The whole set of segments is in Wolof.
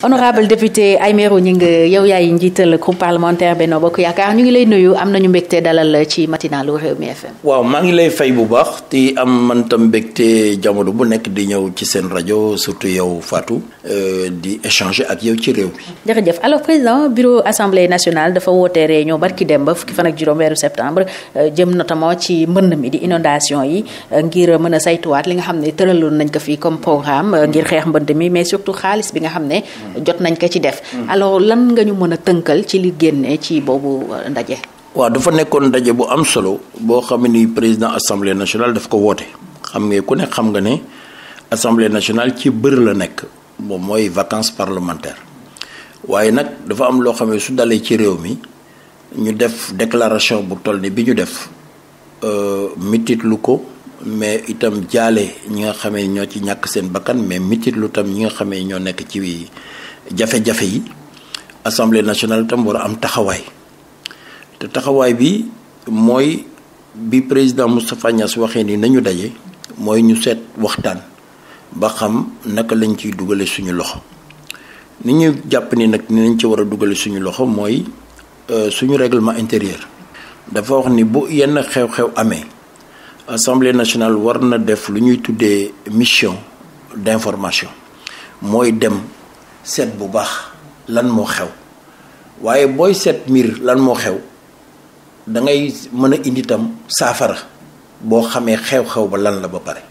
honorable député Aymérou Gningue yow yaay njiital groupe parlementaire Benno Bokk Yaakaar ñu ngi lay nuyu am nañu mbégte dalal ci matinalu Rewmi FM. waaw maa ngi lay fay bu baax di am man tam mbégte jamono bu nekk di ñëw ci seen rajo surtout yow Fatou euh, di échanger ak yow ci réew mi. jërëjëf alors président bureau assemblée nationale dafa woote réunion barki dem ba fukki fan ak juróom weeru septembre euh, jëm notamment ci mbënn mi di inondation yi euh, ngir mën a saytuwaat li nga xam ne tëraloon nañ ko fii comme programme ngir xeex mbënd mi mais surtout xaalis bi nga xam ne. jot nañ ko ci def. alors lan nga ñu mën a tënkal ci li génne ci boobu euh, ndaje. waaw dafa nekkoon ndaje bu am solo boo xam ni président assemblée nationale daf ko woote xam nga ku ne xam nga ne assemblée nationale ci bëri la nekk moom mooy vacances parlementaires waaye nag dafa am loo xam ne su dalee ci réew mi ñu def déclaration bu toll ni bi ñu def euh, mititlu ko. mais itam jaale ñi nga xamee ñoo ci ñàkk seen bakkan mais mitit lu tam ñi nga xamee ñoo nekk ci jafe-jafe yi assemblée nationale tam war a am taxawaay te taxawaay bi mooy bi président Moustapha Niass waxee ni nañu daje mooy ñu seet waxtaan ba xam naka lañ ciy dugale suñu loxo ni ñu jàpp ni nag ni nañ ci war a dugale suñu loxo mooy euh, suñu règlement intérieur dafa wax ni bu yenn xew-xew amee assemblée nationale war na def lu ñuy tuddee mission d'information mooy dem seet bu baax lan moo xew waaye booy seet mbir lan moo xew da ngay mën a indi tam saafara boo xamee xew-xew ba lan la ba pare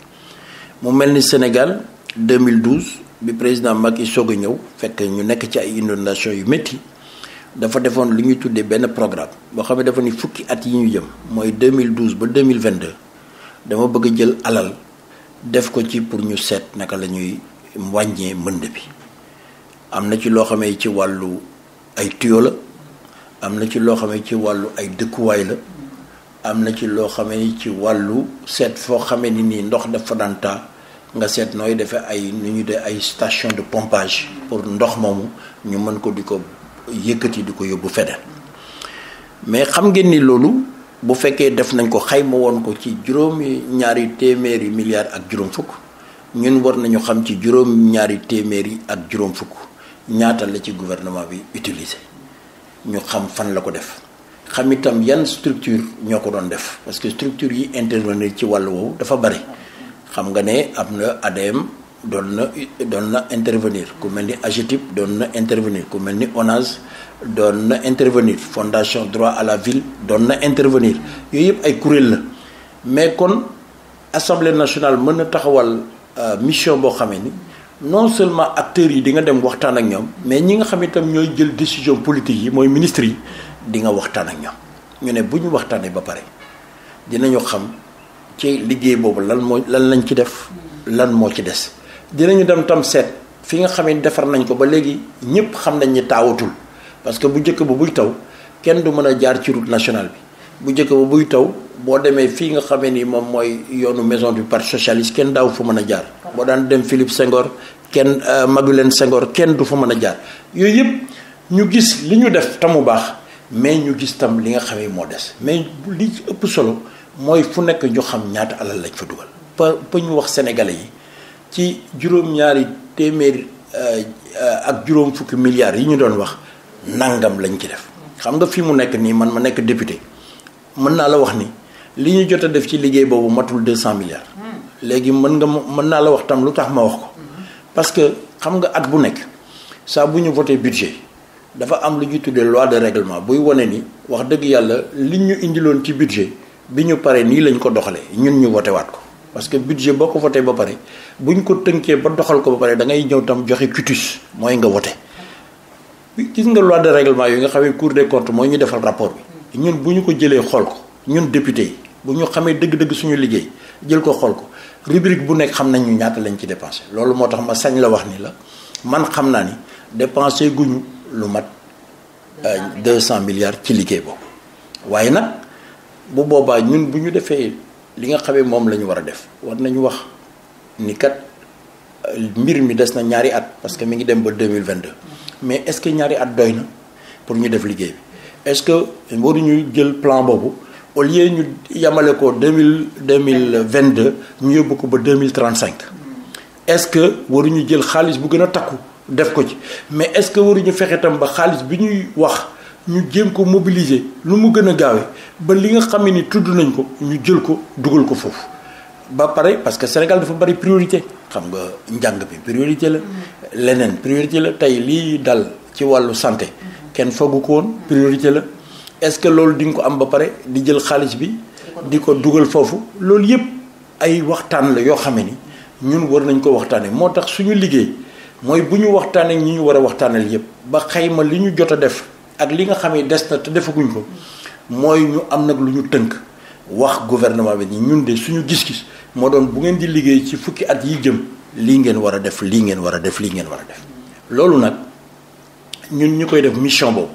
mu mel ni Sénégal 2012 bi président Macky soog a ñëw fekk ñu nekk ci ay inondation yu métti dafa defoon lu ñuy tuddee benn programme boo xamee ne dafa ni fukki at yi ñu jëm mooy 2012 ba 2022 dama bëgg jël alal def ko ci pour ñu seet naka la ñuy wàññee mbënd bi am na ci loo xamee ci wàllu ay tuyo la am na ci loo xamee ci wàllu ay dëkkuwaay la am na ci loo xamee ci wàllu seet foo xamee ni nii ndox dafa daan nga seet nooy defee ay nu ñu de ay station de pompage pour ndox moomu ñu mën ko di ko yëkkati di ko yóbbu feneen mais xam ngeen ni loolu bu fekkee def nañ ko xayma woon ko ci juróomi ñaari téeméeri milliards ak juróom fukk ñun war nañu xam ci juróom ñaari téeméeri ak juróom fukk ñaata la ci gouvernement bi utiliser ñu xam fan la ko def xam itam yan structure ñoo ko doon def parce que structure yi intervenir ci wàll woowu dafa bari xam nga ne am na ADM doon na doon na intervenir ku mel ni AGETIP doon na intervenir ku mel ni ONAS doon na intervenir fondation droit à la ville doon na intervenir yooyu yëpp ay kuréel la mais kon assemblée nationale mën na taxawal euh, mission boo xamee ni non seulement acteurs yi di nga dem waxtaan ak ñoom mais ñi nga xam itam ñooy jël décision politique yi mooy ministre yi di nga waxtaan ak ñoom ñu ne bu ñu waxtaanee ba pare dinañu xam ci liggéey boobu lan moo lan lañ ci def lan moo ci des dinañu dem tam seet fi nga xamee ne defar nañ ko ba léegi ñëpp xam nañ ni taawatul parce que bu njëkk ba buy taw kenn du mën a jaar ci route nationale bi bu njëkk ba buy taw boo demee fii nga xamee ni moom mooy yoonu maison du parti socialiste kenn daaw fa mën a jaar boo daan dem Philippe Senghor kenn euh, Maguilène Senghor kenn du fa mën a jaar yooyu yëpp ñu gis li ñu def tamu baax mais ñu gis tam li nga xamee moo des mais li ci ëpp solo mooy fu nekk ñu xam ñaata alal lañ fa dugal ba ñu wax sénégalais yi ci juróom-ñaari téeméer euh, ak juróom fukki milliards yi ñu doon wax nangam lañ ci def xam nga fi mu nekk nii man ma nekk député mën naa la wax ni li ñu jot a def ci liggéey boobu matul deux cent milliards hmm. léegi mën nga mën naa la wax tam lu tax ma wax ko hmm. parce que xam nga at bu nekk saa bu ñu voté budget dafa am lu ñuy tuddee loi de règlement buy wane ni wax dëgg yàlla li ñu indiloon ci budget bi ñu paree nii lañ ko doxalee ñun ñu voté waat ko parce que budget boo ko voté ba pare bu ñu ko tënkee ba doxal ko ba pare da ngay ñëw tam joxe cutis mooy nga voté gis nga loi de règlement yi nga xam ne cour des mooy ñu defal rapport bi ñun bu ñu ko jëlee xool ko ñun député yi bu ñu xamee dëgg-dëgg suñu liggéey jël ko xool ko rubrique bu nekk xam nañ ñu ñaata lañ ci dépensé loolu moo tax ma sañ la wax nii la man xam naa ni dépensé guñu lu mat euh, deux cent milliards ci liggéey boobu waaye nag bu boobaa ñun ñu defee. li nga xamee moom la ñu war a def war nañu wax ni kat euh, mbir mi des na ñaari at parce que mi ngi dem ba deux mille vingt deux mais est ce que ñaari at doy na pour ñu def liggéey bi est ce que waruñu jël plan boobu au lieu ñu yamale ko deux mille deux mille vingt deux ñu yóbbu ko ba deux mille trente cinq est ce que waruñu jël xaalis bu gën a takku def ko ci mais est ce que waruñu fexe tam ba xaalis bi ñuy wax. ñu jéem ko mobiliser lu mu gën a gaawee ba li nga xam ni tudd nañ ko ñu jël ko dugal ko foofu ba pare parce que Sénégal dafa bari priorité xam nga njàng bi priorité la leneen priorité la tey lii dal ci wàllu santé kenn foogu ko woon priorité la est-ce que loolu di nga ko am ba pare di jël xaalis bi di ko dugal foofu loolu yépp ay waxtaan la yoo xam ni ñun war nañ ko waxtaanee moo tax suñu liggéey mooy bu ñu waxtaaneek ñi ñu war a waxtaanal yépp ba xayma li ñu jot a def ak li nga xam ne des na te defaguñ ko mooy ñu am nag lu ñu tënk wax gouvernement bi ni ñun de suñu gis-gis moo doon bu ngeen di liggéey ci fukki at yi jëm lii ngeen war a def lii ngeen war a def lii ngeen war a def loolu nag ñun ñu koy def mission boobu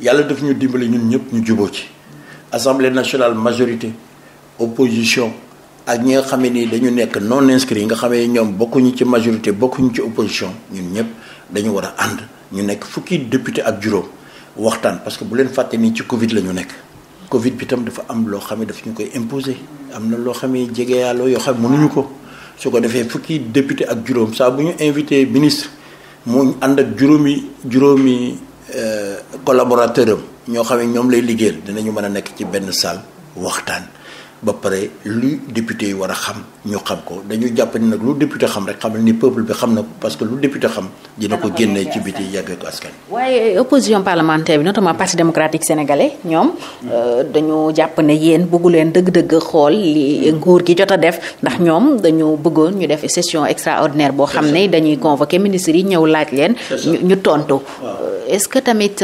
yàlla def ñu dimbale ñun ñëpp ñu juboo ci assemblée nationale majorité opposition ak ñi nga xam ne nii dañu nekk non inscrit yi nga xam ñoom bokkuñu ci majorité bokkuñu ci opposition ñun ñëpp dañu war a ànd ñu nekk fukki député ak juróom waxtaan parce que bu leen fàtte nii ci Covid la ñu nekk. Covid bi tam dafa am loo xam ne daf ñu koy imposer am na loo xam ne jegeyaaloo yoo xam ne mënuñu ko su ko defee fukki député ak juróom saa bu ñu invité ministre mu ànd ak juróomi juróomi euh, collaborateur am ñoo xam ne ñoom lay liggéeyal dinañu mën a nekk ci benn salle waxtaan. ba pare lu député yi war a xam ñu xam ko dañu jàpp ni nag lu député xam rek xamal ni peuple bi xam na parce que lu député xam dina ko génnee ci biti yàggee ko askan waaye euh, opposition parlementaire bi notamment parti démocratique sénégalais ñoom euh, dañu jàpp ne yéen bëggu leen dëgg-dëgg xool li nguur gi jot a def ndax ñoom dañu bëggoon ñu def session extraordinaire boo xam ne dañuy convoqué ministres yi ñëw laaj leen ñu tontu euh, est-ce que tamit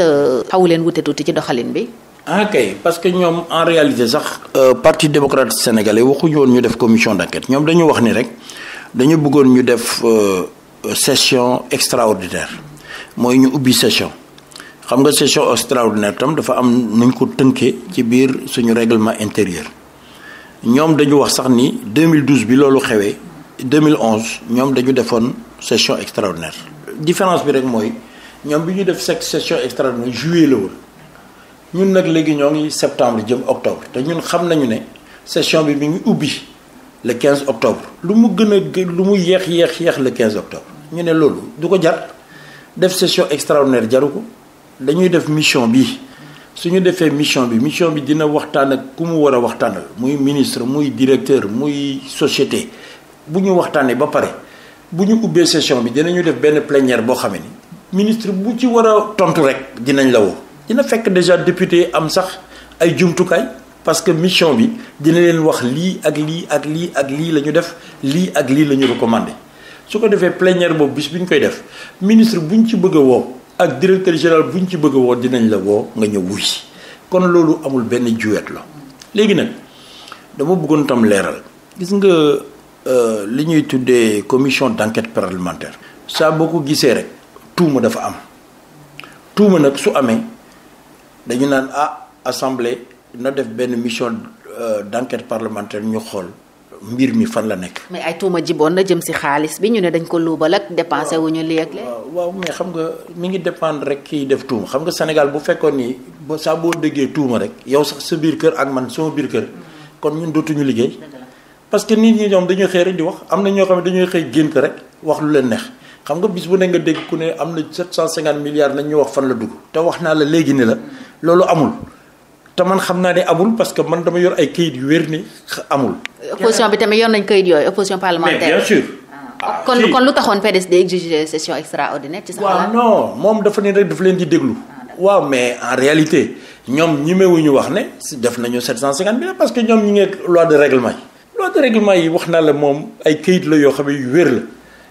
xawu leen wute tuuti ci doxalin bi ah kay parce que ñoom en réaliser sax. Euh, parti démocratique sénégalais waxuñu woon ñu def commission d'enquête ñoom dañu wax ni rek dañu bëggoon ñu def euh, session extraordinaire mooy ñu ubbi session xam nga session extraordinaire tam dafa am nuñ ko tënkee ci biir suñu règlement intérieur ñoom dañu wax sax ni 2012 bi loolu xewee 2011 ñoom dañu defoon session extraordinaire différence bi rek mooy ñoom bi ñu def session extraordinaire juillet la woon. ñun nag léegi ñoo ngi septembre jëm octobre te ñun xam nañu ne session bi mi ngi ubbi le quinze octobre lu mu gën a lu mu yéex yéex yéex le 15 octobre ñu ne loolu du ko jar def session extraordinaire jaru ko dañuy def mission bi su ñu defee mission bi mission bi dina waxtaan ak ku mu war a waxtaanal muy ministre muy directeur muy société bu ñu waxtaanee ba pare bu ñu ubbee session bi dinañu def benn plénière boo xamee ni ministre bu ci war a tontu rek dinañ la woo. dina fekk déjà député am sax ay jumtukaay parce que mission bi dina leen wax lii ak lii ak lii ak lii la ñu def lii ak lii la ñu recommandé su ko defee plenière boobu bis bu ñu koy def ministre bu ñu ci bëgg a woo ak directeur général bu ñu ci bëgg woo dinañ la woo nga ñëw wuy kon loolu amul benn juwet la léegi nag dama bëggoon tam leeral gis nga euh, li ñuy tuddee commission d'enquête parlementaire saa boo ko gisee rek tuuma dafa am tuuma nag su amee dañu naan ah assemblée na def benn mission euh, d' enquête parlementaire ñu xool mbir mi fan la nekk. mais ay tuuma jiboon na jëm si xaalis bi ñu ne dañ ko luubal ak dépensé wu ñu léeg waaw mais xam nga mi ngi dépendre rek kii def tuuma xam nga Sénégal bu fekkoon ni ba saa boo déggee tuuma rek yow sax sa biir kër ak man sama biir kër kon ñun dootuñu liggéey. parce que nit ñi ñoom dañuy xëy rek di wax am na ñoo xam ne dañuy xëy génn ko rek wax lu leen neex. xam nga bis bu ne nga dégg ku ne am na 750 milliards lañ ñu wax fan la dugg te wax naa la léegi ni la loolu amul te man xam naa ne amul parce que man dama yor ay kayit yu wér ni amul. opposition bi tamit yor nañ kayit yooyu opposition parlementaire. mais bien sûr. Ah, lu taxoon PDS di exiger session extraordinaire. ci sa xalaat waaw non moom dafa ne rek daf leen di déglu. Ah, waaw mais en réalité ñoom ñi mewuñu wax ne si def nañu 750 milliards parce que ñoom ñi ngi loi de règlement yi. loi de règlement moom ay kayit la yoo xam ne yu wér la.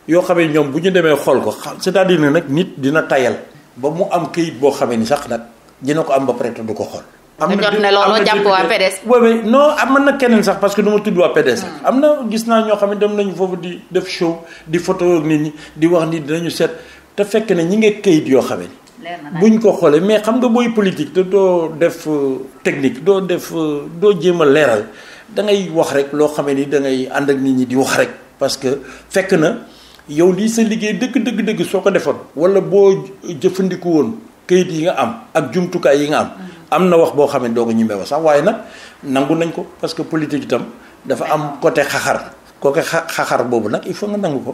yoo xamee ñoom bu ñu demee xool ko c'est-à-dire ne nag nit dina tayal ba mu am kayit boo xamee ni sax nag dina ko am ba prête du ko xool. am na jot ne loolu jàpp waa PDS. waaw non am na keneen sax parce que du ma tudd waa PDS. Hmm. am na gis naa ñoo xam ne dem nañu foofu di def show di photo nit ñi di wax ni dinañu seet te fekk ne ñi nga këyit yoo xamee ni buñ ko xoolee mais xam nga booy politique te doo def euh, technique doo def euh, doo jéem a leeral da ngay wax rek loo xamee ni dangay ànd ak nit ñi di wax rek parce que fekk na. yow lii sa liggéey dëgg dëgg dëgg soo ko defoon wala boo jëfandikoo woon kayit yi nga am ak jumtukaay yi nga am am na wax boo xam ne doo ko ñemee sax waaye nag nangu nañ ko parce que politique itam dafa am côté xaxar kooku xaxar boobu nag il faut nga nangu ko.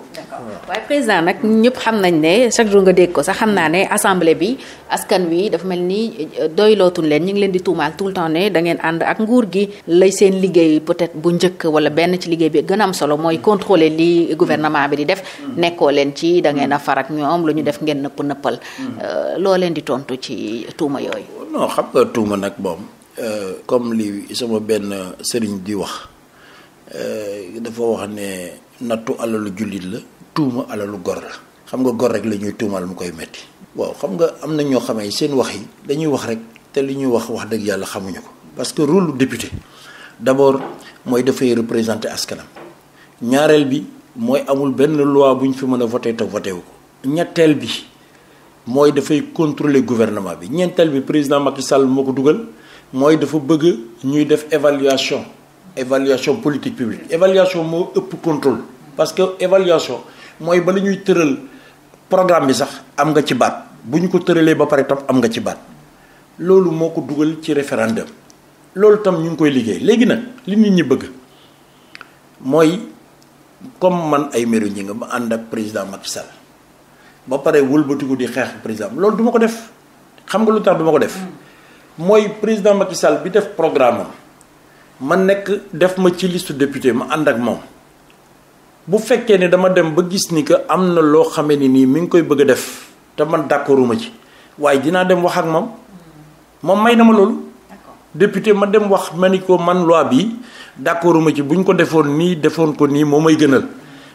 waaye président nag ñëpp xam nañ ne chaque jour nga dégg ko sax xam naa ne assemblée bi askan wi dafa mel ni euh, doylootuñ leen ñu ngi leen di tuumaal tout le temps ne da ak nguur gi lay seen liggéey peut-être bu njëkk wala benn ci liggéey bi gën am solo mooy contrôler li gouvernement bi di def. Mm. nekkoo leen ci da ngeen a mm. far ak ñoom lu ñu def ngeen nëpp nëppal. Mm. Euh, loo leen di tontu ci tuuma yooyu. non xam nga tuuma nag moom euh, comme lii sama benn sëriñ di wax. Euh, dafa wax ne nattu alalu jullit la tuuma alalu gor la xam nga gor rek la ñuy tuumal mu koy metti waaw xam nga am na ñoo xamee seen wax yi dañuy wax rek te li ñuy wax wax dëgg yàlla xamuñu ko parce que rôle lu député d'abord mooy dafay représenter askanam ñaareel bi mooy amul benn loi bu ñu fi mën a voté te voté wu ko ñetteel bi mooy dafay contrôler gouvernement bi ñenteel bi président Macky Sall moo ko dugal mooy dafa bëgg ñuy def évaluation évaluation politique publique évaluation moo ëpp contrôle parce que évaluation mooy ba la ñuy tëral programme bi sax am nga ci baat bu ñu ko tëralee ba pare tam am nga ci baat loolu moo ko dugal ci référendum loolu tam ñu ngi koy liggéey léegi nag li nit ñi bëgg mooy comme man ay méru ñi nga ma ànd ak président Macky ba pare wëlbatiku di xeex président loolu duma ko def xam nga lu tax du ma ko def mm. mooy président Macky bi def programme man nekk def ma ci liste député ma ànd ak moom bu fekkee ne dama dem ba gis ni que am na loo xame ni nii mi ngi koy bëgg a def te man d'accorduma ci waaye dinaa dem wax ak moom moom may na ma loolu député ma dem wax ma ni ko man loi bi d'accorduma ci bu ñu ko defoon nii defoon ko nii moo may gënal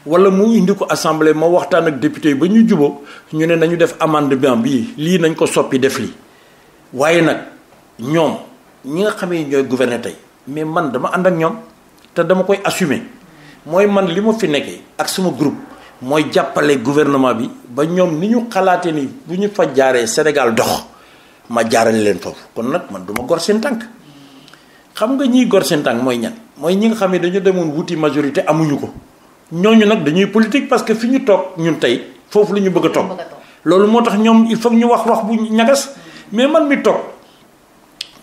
wala mu indi ko assemblée ma waxtaan ak député yi ba ñu juboo ñu ne nañu def amande amendement bii lii nañ ko soppi def lii waaye nag ñoom ñi nga xamee ñooy gouverner tey mais man dama ànd ak ñoom te dama koy assumer mooy man li ma fi nekkee ak suma groupe mooy jàppale gouvernement bi ba ñoom ni ñu xalaatee ni bu ñu fa jaaree Sénégal dox ma jaarale leen foofu kon nag man du ma gor tànk xam nga ñiy gor seen tànk mooy ñan mooy ñi nga xam ne dañu demoon wuti majorité amuñu ko ñooñu nag dañuy politique parce que fi ñu toog ñun tey foofu la ñu bëgg a toog loolu moo tax ñoom il faut ñu wax wax bu ñagas mais man mi toog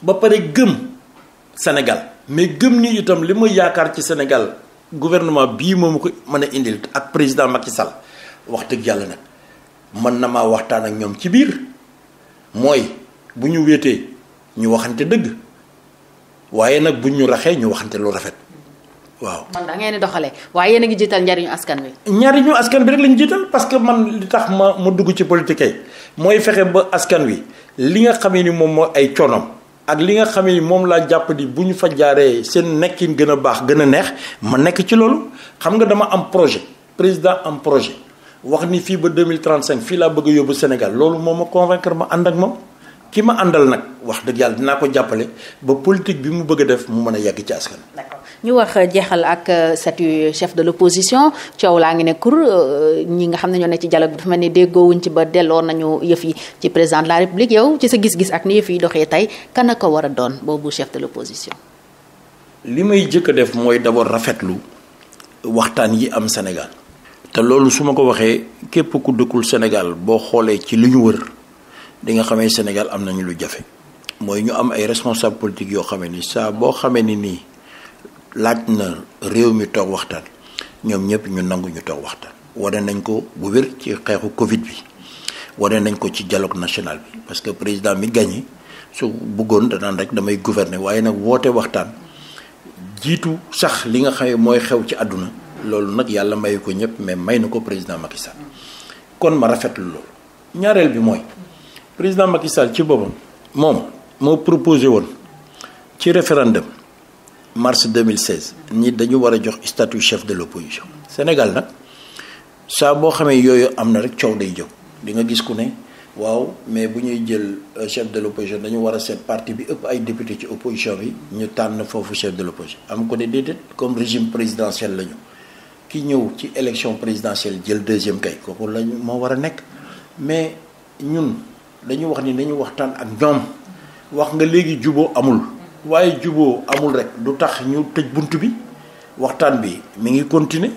ba pare gëm Sénégal mais gëm ni itam li ma yaakaar ci Sénégal gouvernement bii moom ko mën a indil ak président Macky Sall wax dëgg yàlla nag mën na maa waxtaan ak ñoom ci biir mooy bu ñu wéetee ñu waxante dëgg waaye nag bu ñu raxee ñu waxante lu rafet waaw. man da ngeen di doxalee waaye yéen a ngi jiital njariñu askan wi. njariñu askan bi rek lañu jiital parce que man li tax ma ma dugg ci politique mooy fexe ba askan wi li nga xamee ni moom moo ay coonom ak li nga xam yi moom laa jàpp bu ñu fa jaaree seen nekkin gën a baax gën a neex ma nekk ci loolu xam nga dama am projet président am projet wax ni fii ba 2035 fii laa bëgg a yóbbu Sénégal loolu moo ma convaincre ma ànd ak moom ki ma àndal nag wax dëgg yàlla dinaa ko jàppale ba politique bi mu bëgg a def mu mën a yàgg ci askan ñu wax jeexal ak euh, statut chef de l'opposition coow laa ngi ne kur euh, ñi nga xam ne ñoo ne ci dialogue bi dafa mel ni déggoowuñ ci ba delloo nañu yëf yi ci président de la république yow ci sa gis-gis ak ni yëf yi doxee tey kan ko war a doon boobu chef de l'opposition li may jëkk a def mooy d'abord rafetlu waxtaan yi am Sénégal te loolu su ma ko waxee képp ku dëkkul Sénégal boo xoolee ci li ñu wër li nga xamee Sénégal am nañu lu jafe mooy ñu am ay responsable politique yoo xamee ni saa boo xamee ni nii laaj na réew mi toog waxtaan ñoom ñëpp ñu nangu ñu toog waxtaan wane nañ ko bu wér ci xeexu Covid bi wane nañ ko ci dialogue national bi parce que président mi gagné su bëggoon danaan rek damay gouverner waaye nag woote waxtaan jiitu sax li nga xamee mooy xew ci àdduna loolu nag yàlla mayu ko ñëpp mais may na ko président Macky Sall kon ma rafetlu mooy président Macky ci boppam moom moo proposé woon ci référendum mars 2016 ñi dañu war a jox statut chef de l'opposition Sénégal nag saa boo xamee yooyu am na rek coow day jóg di nga gis ku ne waaw mais bu ñuy jël euh, chef de l'opposition dañu war a set parti bi ëpp ay député ci opposition bi ñu tànn foofu chef de l'opposition am ko ne déedéet comme régime présidentiel lañu ki ñëw ci élection présidentielle jël deuxième kay kooku lañu moo war a nekk mais ñun dañu wax ni nañu waxtaan ak ñoom wax nga léegi juboo amul waaye juboo amul rek du tax ñu tëj bunt bi waxtaan bi mi ngi continuer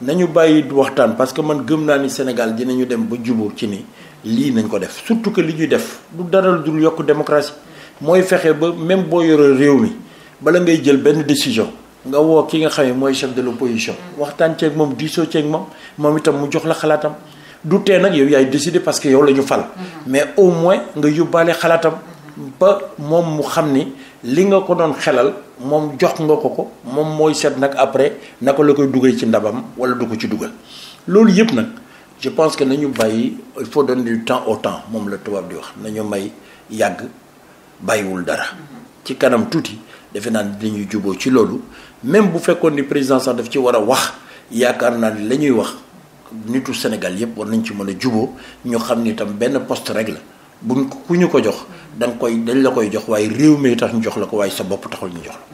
nañu bàyyi waxtaan parce que man gëm naa ni Sénégal dinañu dem ba juboo ci ni lii nañ ko def surtout que li ñuy def du dara dul yokk démocratie mooy fexe ba même boo yore réew mi bala ngay jël benn décision nga woo ki nga xam ne mooy chef de l'opposition mm. waxtaan ceeg moom diisoo ceeg moom moom itam mu jox la xalaatam du tee nag yow yaay décider parce que yow la ñu fal. mais au moins nga yóbbaale xalaatam. ba moom mu xam ni li nga ko doon xelal moom jox nga ko ko moom mooy seet nag après naka la koy dugal ci ndabam wala du ko ci dugal. loolu yëpp nag je pense que nañu bàyyi il faut donner temps au temps moom la tubaab di wax nañu may yàgg bàyyiwul dara. ci kanam tuuti defe naa ne dañuy juboo ci loolu même bu fekkoon ni président sax daf ci war a wax yaakaar naa ni la ñuy wax. nitu Sénégal yëpp war nañ ci mën a juboo ñu xam ni itam benn poste rek la buñ ko ku ñu ko jox da koy dañ la koy jox waaye réew mi tax ñu jox la ko waaye sa bopp taxul ñu jox la.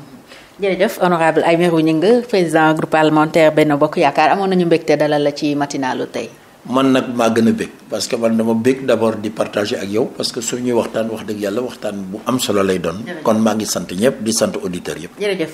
jërëjëf honorable Aymérou Gningue président groupe parlementaire Benno Bokk Yaakaar amoon nañu mbégte dalal la ci matinalu tey. man nag maa gën a bég parce que man dama bég d'abord di partage ak yow parce que ñuy waxtaan wax dëgg yàlla waxtaan bu am solo lay doon. kon maa ngi sant ñëpp di sant auditeurs yëpp.